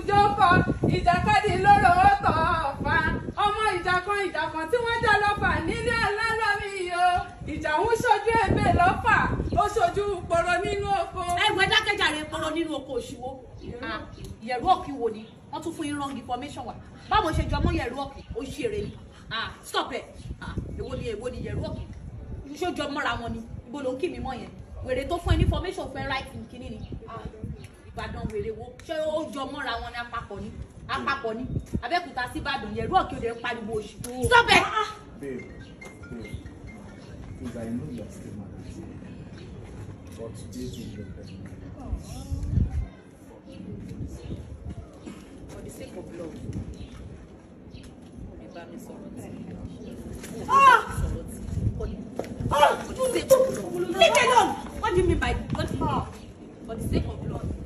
ìjókòó ìjàkadì lóró ọ̀tọ̀ ọ̀fà ọmọ ìjàkan ìjàkan tí wọ́n já lọ́fà nílé ọlọ́lọ́mí yìí o ìjà ń ṣojú ebè lọ́fà ó ṣojú poro nínú oko. ẹ wẹ dákẹjàre poro nínú oko òṣùwò yẹ̀rù ọ̀kì wò ni wọ́n tún fún yín wrong information wa báwo ṣe jọmọ́ yẹ̀rù ọ̀kì ó ṣe ni stop ẹ̀ èwo ni èwo ni yẹ̀rù ọ̀kì ṣó jọmọ́ra wọn ni ibo ló ń kì mí mọ́ yẹn wèrè tó fún ẹ ní information fún ẹ right àwọn wèrè wo ṣé ó jọ mọ́ra wọn ní apapọ̀ ni apapọ̀ ni abẹ́kúta sí ìbàdàn yẹn ẹ̀rú ọ̀kẹ́ òde ń pariwo oṣù stop it. for the sake of love leave me alone what do you mean by what for the sake of love.